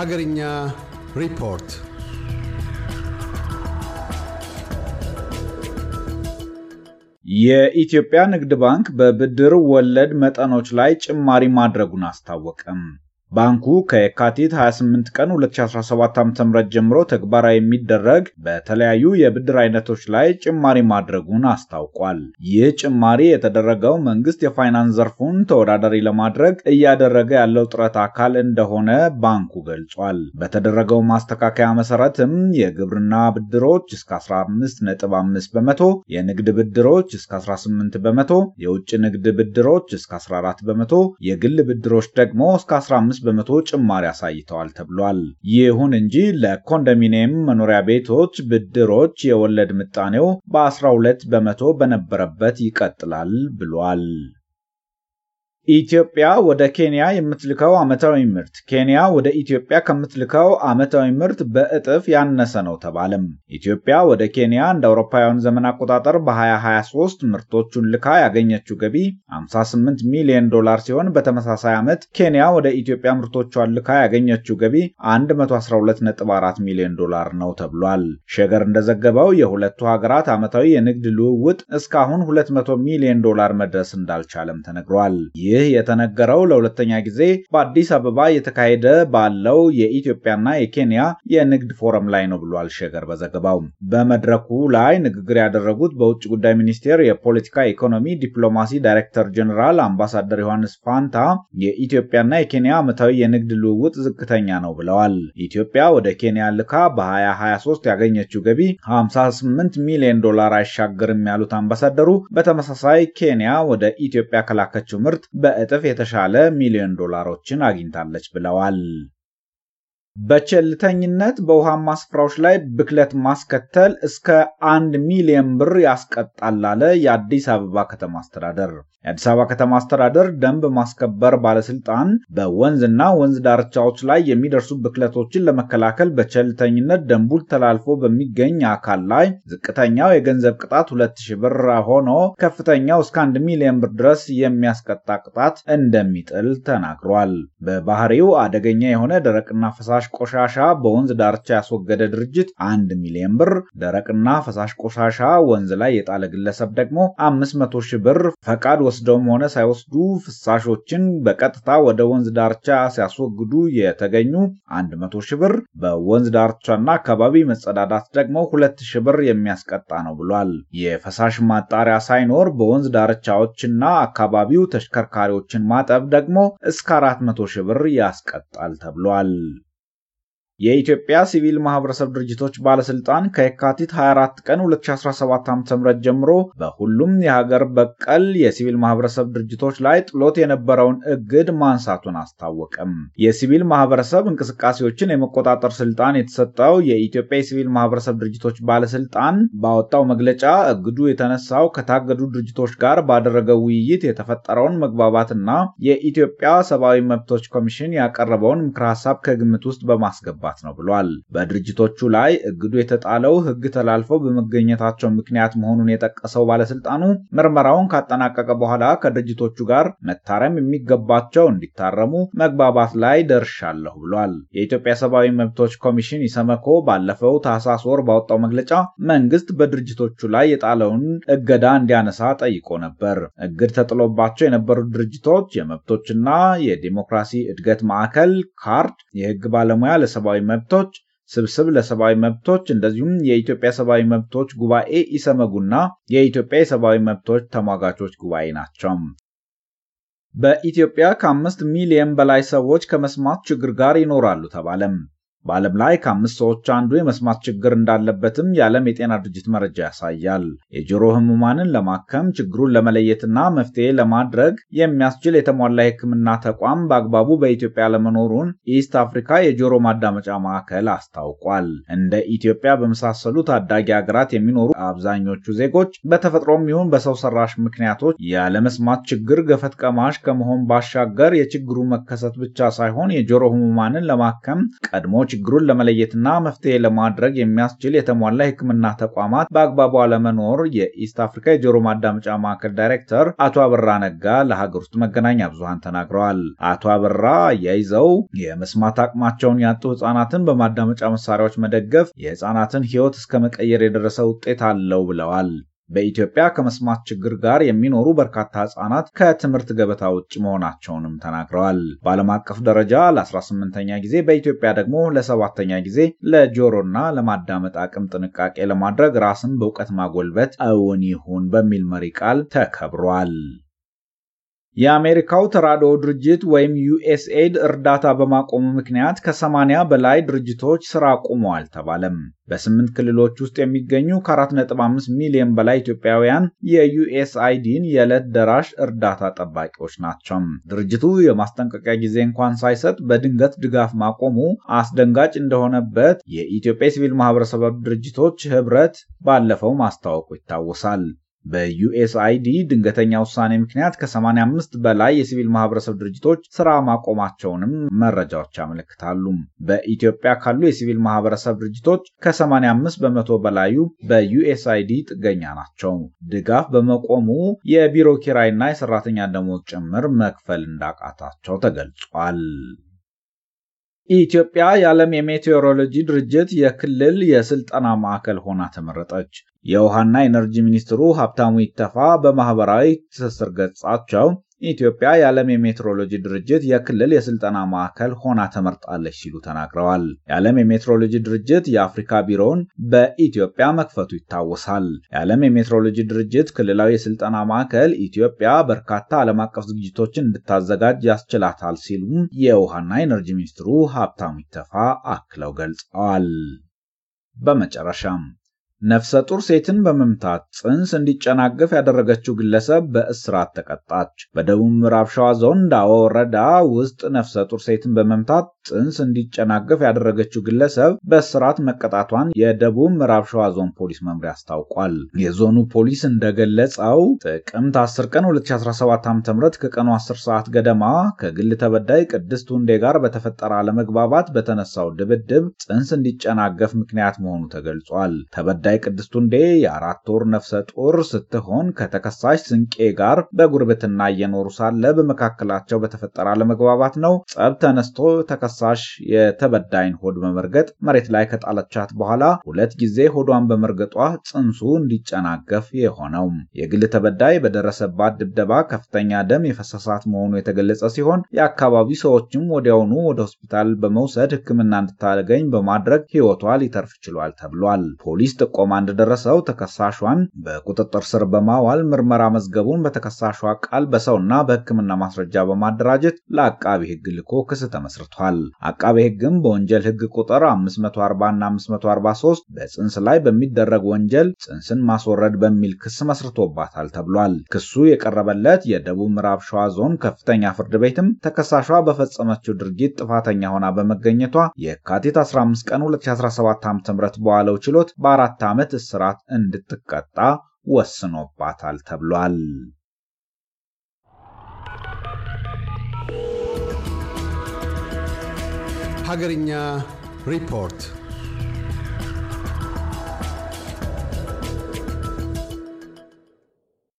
ሀገርኛ ሪፖርት የኢትዮጵያ ንግድ ባንክ በብድር ወለድ መጠኖች ላይ ጭማሪ ማድረጉን አስታወቀም። ባንኩ ከየካቲት 28 ቀን 2017 ዓ.ም ጀምሮ ተግባራዊ የሚደረግ በተለያዩ የብድር አይነቶች ላይ ጭማሪ ማድረጉን አስታውቋል። ይህ ጭማሪ የተደረገው መንግስት የፋይናንስ ዘርፉን ተወዳዳሪ ለማድረግ እያደረገ ያለው ጥረት አካል እንደሆነ ባንኩ ገልጿል። በተደረገው ማስተካከያ መሰረትም የግብርና ብድሮች እስከ 15.5 በመቶ፣ የንግድ ብድሮች እስከ 18 በመቶ፣ የውጭ ንግድ ብድሮች እስከ 14 በመቶ፣ የግል ብድሮች ደግሞ እስከ 15 በ በመቶ ጭማሪ አሳይተዋል ተብሏል። ይሁን እንጂ ለኮንዶሚኒየም መኖሪያ ቤቶች ብድሮች የወለድ ምጣኔው በ12 በመቶ በነበረበት ይቀጥላል ብሏል። ኢትዮጵያ ወደ ኬንያ የምትልከው ዓመታዊ ምርት ኬንያ ወደ ኢትዮጵያ ከምትልከው ዓመታዊ ምርት በእጥፍ ያነሰ ነው ተባለም። ኢትዮጵያ ወደ ኬንያ እንደ አውሮፓውያን ዘመን አቆጣጠር በ2023 ምርቶቹን ልካ ያገኘችው ገቢ 58 ሚሊዮን ዶላር ሲሆን በተመሳሳይ ዓመት ኬንያ ወደ ኢትዮጵያ ምርቶቿን ልካ ያገኘችው ገቢ 112.4 ሚሊዮን ዶላር ነው ተብሏል። ሸገር እንደዘገበው የሁለቱ ሀገራት ዓመታዊ የንግድ ልውውጥ እስካሁን 200 ሚሊዮን ዶላር መድረስ እንዳልቻለም ተነግሯል። ይህ የተነገረው ለሁለተኛ ጊዜ በአዲስ አበባ የተካሄደ ባለው የኢትዮጵያና የኬንያ የንግድ ፎረም ላይ ነው ብሏል ሸገር በዘገባው። በመድረኩ ላይ ንግግር ያደረጉት በውጭ ጉዳይ ሚኒስቴር የፖለቲካ ኢኮኖሚ ዲፕሎማሲ ዳይሬክተር ጀኔራል አምባሳደር ዮሐንስ ፋንታ የኢትዮጵያና የኬንያ ዓመታዊ የንግድ ልውውጥ ዝቅተኛ ነው ብለዋል። ኢትዮጵያ ወደ ኬንያ ልካ በ2023 ያገኘችው ገቢ 58 ሚሊዮን ዶላር አይሻገርም ያሉት አምባሳደሩ በተመሳሳይ ኬንያ ወደ ኢትዮጵያ ከላከችው ምርት በእጥፍ የተሻለ ሚሊዮን ዶላሮችን አግኝታለች ብለዋል። በቸልተኝነት በውሃማ ስፍራዎች ላይ ብክለት ማስከተል እስከ አንድ ሚሊዮን ብር ያስቀጣል አለ የአዲስ አበባ ከተማ አስተዳደር። የአዲስ አበባ ከተማ አስተዳደር ደንብ ማስከበር ባለስልጣን በወንዝና ወንዝ ዳርቻዎች ላይ የሚደርሱ ብክለቶችን ለመከላከል በቸልተኝነት ደንቡን ተላልፎ በሚገኝ አካል ላይ ዝቅተኛው የገንዘብ ቅጣት 2000 ብር ሆኖ ከፍተኛው እስከ አንድ ሚሊዮን ብር ድረስ የሚያስቀጣ ቅጣት እንደሚጥል ተናግሯል። በባህሪው አደገኛ የሆነ ደረቅና ፈሳሽ ቆሻሻ በወንዝ ዳርቻ ያስወገደ ድርጅት አንድ ሚሊዮን ብር፣ ደረቅና ፈሳሽ ቆሻሻ ወንዝ ላይ የጣለ ግለሰብ ደግሞ አምስት መቶ ሺህ ብር። ፈቃድ ወስደውም ሆነ ሳይወስዱ ፍሳሾችን በቀጥታ ወደ ወንዝ ዳርቻ ሲያስወግዱ የተገኙ አንድ መቶ ሺህ ብር፣ በወንዝ ዳርቻና አካባቢ መጸዳዳት ደግሞ ሁለት ሺህ ብር የሚያስቀጣ ነው ብሏል። የፈሳሽ ማጣሪያ ሳይኖር በወንዝ ዳርቻዎችና አካባቢው ተሽከርካሪዎችን ማጠብ ደግሞ እስከ አራት መቶ ሺህ ብር ያስቀጣል ተብሏል። የኢትዮጵያ ሲቪል ማህበረሰብ ድርጅቶች ባለስልጣን ከየካቲት 24 ቀን 2017 ዓ.ም ጀምሮ በሁሉም የሀገር በቀል የሲቪል ማህበረሰብ ድርጅቶች ላይ ጥሎት የነበረውን እግድ ማንሳቱን አስታወቀም። የሲቪል ማህበረሰብ እንቅስቃሴዎችን የመቆጣጠር ስልጣን የተሰጠው የኢትዮጵያ የሲቪል ማህበረሰብ ድርጅቶች ባለስልጣን ባወጣው መግለጫ እግዱ የተነሳው ከታገዱ ድርጅቶች ጋር ባደረገው ውይይት የተፈጠረውን መግባባትና የኢትዮጵያ ሰብአዊ መብቶች ኮሚሽን ያቀረበውን ምክረ ሀሳብ ከግምት ውስጥ በማስገባት መግባት ነው ብሏል። በድርጅቶቹ ላይ እግዱ የተጣለው ሕግ ተላልፈው በመገኘታቸው ምክንያት መሆኑን የጠቀሰው ባለስልጣኑ ምርመራውን ካጠናቀቀ በኋላ ከድርጅቶቹ ጋር መታረም የሚገባቸው እንዲታረሙ መግባባት ላይ ደርሻለሁ ብሏል። የኢትዮጵያ ሰብአዊ መብቶች ኮሚሽን ኢሰመኮ ባለፈው ታህሳስ ወር ባወጣው መግለጫ መንግስት በድርጅቶቹ ላይ የጣለውን እገዳ እንዲያነሳ ጠይቆ ነበር። እግድ ተጥሎባቸው የነበሩት ድርጅቶች የመብቶችና የዲሞክራሲ እድገት ማዕከል፣ ካርድ፣ የህግ ባለሙያ ለሰብአዊ መብቶች ስብስብ ለሰብአዊ መብቶች እንደዚሁም የኢትዮጵያ ሰብአዊ መብቶች ጉባኤ ኢሰመጉና የኢትዮጵያ የሰብአዊ መብቶች ተሟጋቾች ጉባኤ ናቸው። በኢትዮጵያ ከአምስት ሚሊየን በላይ ሰዎች ከመስማት ችግር ጋር ይኖራሉ ተባለም። በዓለም ላይ ከአምስት ሰዎች አንዱ የመስማት ችግር እንዳለበትም የዓለም የጤና ድርጅት መረጃ ያሳያል። የጆሮ ህሙማንን ለማከም ችግሩን ለመለየትና መፍትሄ ለማድረግ የሚያስችል የተሟላ የሕክምና ተቋም በአግባቡ በኢትዮጵያ ለመኖሩን ኢስት አፍሪካ የጆሮ ማዳመጫ ማዕከል አስታውቋል። እንደ ኢትዮጵያ በመሳሰሉ ታዳጊ ሀገራት የሚኖሩ አብዛኞቹ ዜጎች በተፈጥሮም ይሁን በሰው ሰራሽ ምክንያቶች ያለመስማት ችግር ገፈት ቀማሽ ከመሆን ባሻገር የችግሩ መከሰት ብቻ ሳይሆን የጆሮ ህሙማንን ለማከም ቀድሞ ችግሩን ለመለየትና መፍትሄ ለማድረግ የሚያስችል የተሟላ የሕክምና ተቋማት በአግባቡ አለመኖር የኢስት አፍሪካ የጆሮ ማዳመጫ ማዕከል ዳይሬክተር አቶ አበራ ነጋ ለሀገር ውስጥ መገናኛ ብዙሃን ተናግረዋል። አቶ አበራ አያይዘው የመስማት አቅማቸውን ያጡ ህጻናትን በማዳመጫ መሳሪያዎች መደገፍ የህጻናትን ሕይወት እስከ መቀየር የደረሰ ውጤት አለው ብለዋል። በኢትዮጵያ ከመስማት ችግር ጋር የሚኖሩ በርካታ ህጻናት ከትምህርት ገበታ ውጭ መሆናቸውንም ተናግረዋል። በዓለም አቀፍ ደረጃ ለ18ኛ ጊዜ በኢትዮጵያ ደግሞ ለሰባተኛ ጊዜ ለጆሮና ለማዳመጥ አቅም ጥንቃቄ ለማድረግ ራስን በእውቀት ማጎልበት እውን ይሁን በሚል መሪ ቃል ተከብሯል። የአሜሪካው ተራድኦ ድርጅት ወይም ዩኤስኤድ እርዳታ በማቆሙ ምክንያት ከ80 በላይ ድርጅቶች ስራ አቁመዋል ተባለም። በስምንት ክልሎች ውስጥ የሚገኙ ከ4.5 ሚሊዮን በላይ ኢትዮጵያውያን የዩኤስአይዲን የዕለት ደራሽ እርዳታ ጠባቂዎች ናቸው። ድርጅቱ የማስጠንቀቂያ ጊዜ እንኳን ሳይሰጥ በድንገት ድጋፍ ማቆሙ አስደንጋጭ እንደሆነበት የኢትዮጵያ ሲቪል ማህበረሰብ ድርጅቶች ህብረት ባለፈው ማስታወቁ ይታወሳል። በዩኤስአይዲ ድንገተኛ ውሳኔ ምክንያት ከ85 በላይ የሲቪል ማህበረሰብ ድርጅቶች ስራ ማቆማቸውንም መረጃዎች ያመለክታሉ። በኢትዮጵያ ካሉ የሲቪል ማህበረሰብ ድርጅቶች ከ85 በመቶ በላዩ በዩኤስአይዲ ጥገኛ ናቸው። ድጋፍ በመቆሙ የቢሮ ኪራይና የሰራተኛ ደሞዝ ጭምር መክፈል እንዳቃታቸው ተገልጿል። ኢትዮጵያ የዓለም የሜቴዎሮሎጂ ድርጅት የክልል የስልጠና ማዕከል ሆና ተመረጠች። የውሃና ኤነርጂ ሚኒስትሩ ሀብታሙ ኢተፋ በማህበራዊ ትስስር ገጻቸው ኢትዮጵያ የዓለም የሜትሮሎጂ ድርጅት የክልል የስልጠና ማዕከል ሆና ተመርጣለች ሲሉ ተናግረዋል። የዓለም የሜትሮሎጂ ድርጅት የአፍሪካ ቢሮውን በኢትዮጵያ መክፈቱ ይታወሳል። የዓለም የሜትሮሎጂ ድርጅት ክልላዊ የስልጠና ማዕከል ኢትዮጵያ በርካታ ዓለም አቀፍ ዝግጅቶችን እንድታዘጋጅ ያስችላታል ሲሉም የውሃና ኤነርጂ ሚኒስትሩ ሀብታሙ ኢተፋ አክለው ገልጸዋል። በመጨረሻም ነፍሰ ጡር ሴትን በመምታት ጽንስ እንዲጨናገፍ ያደረገችው ግለሰብ በእስራት ተቀጣች። በደቡብ ምዕራብ ሸዋ ዞን ዳዋ ወረዳ ውስጥ ነፍሰ ጡር ሴትን በመምታት ጽንስ እንዲጨናገፍ ያደረገችው ግለሰብ በእስራት መቀጣቷን የደቡብ ምዕራብ ሸዋ ዞን ፖሊስ መምሪያ አስታውቋል። የዞኑ ፖሊስ እንደገለጸው ጥቅምት 10 ቀን 2017 ዓ.ም ከቀኑ 10 ሰዓት ገደማ ከግል ተበዳይ ቅድስት ውንዴ ጋር በተፈጠረ አለመግባባት በተነሳው ድብድብ ጽንስ እንዲጨናገፍ ምክንያት መሆኑ ተገልጿል። ተበዳይ ቅድስት ሁንዴ የአራት ወር ነፍሰ ጡር ስትሆን ከተከሳሽ ስንቄ ጋር በጉርብትና እየኖሩ ሳለ በመካከላቸው በተፈጠረ አለመግባባት ነው ጸብ ተነስቶ ተከሳሽ የተበዳይን ሆድ በመርገጥ መሬት ላይ ከጣለቻት በኋላ ሁለት ጊዜ ሆዷን በመርገጧ ጽንሱ እንዲጨናገፍ የሆነው የግል ተበዳይ በደረሰባት ድብደባ ከፍተኛ ደም የፈሰሳት መሆኑ የተገለጸ ሲሆን የአካባቢ ሰዎችም ወዲያውኑ ወደ ሆስፒታል በመውሰድ ሕክምና እንድታገኝ በማድረግ ሕይወቷ ሊተርፍ ችሏል ተብሏል። ፖሊስ ጥቆማ እንደደረሰው ተከሳሿን በቁጥጥር ስር በማዋል ምርመራ መዝገቡን በተከሳሿ ቃል በሰውና በሕክምና ማስረጃ በማደራጀት ለአቃቢ ሕግ ልኮ ክስ ተመስርቷል። አስታውቋል። አቃቤ ሕግም በወንጀል ሕግ ቁጥር 540 እና 543 በጽንስ ላይ በሚደረግ ወንጀል ጽንስን ማስወረድ በሚል ክስ መስርቶባታል ተብሏል። ክሱ የቀረበለት የደቡብ ምዕራብ ሸዋ ዞን ከፍተኛ ፍርድ ቤትም ተከሳሿ በፈጸመችው ድርጊት ጥፋተኛ ሆና በመገኘቷ የካቲት 15 ቀን 2017 ዓ.ም በዋለው ችሎት በአራት ዓመት እስራት እንድትቀጣ ወስኖባታል ተብሏል። Hagernya Report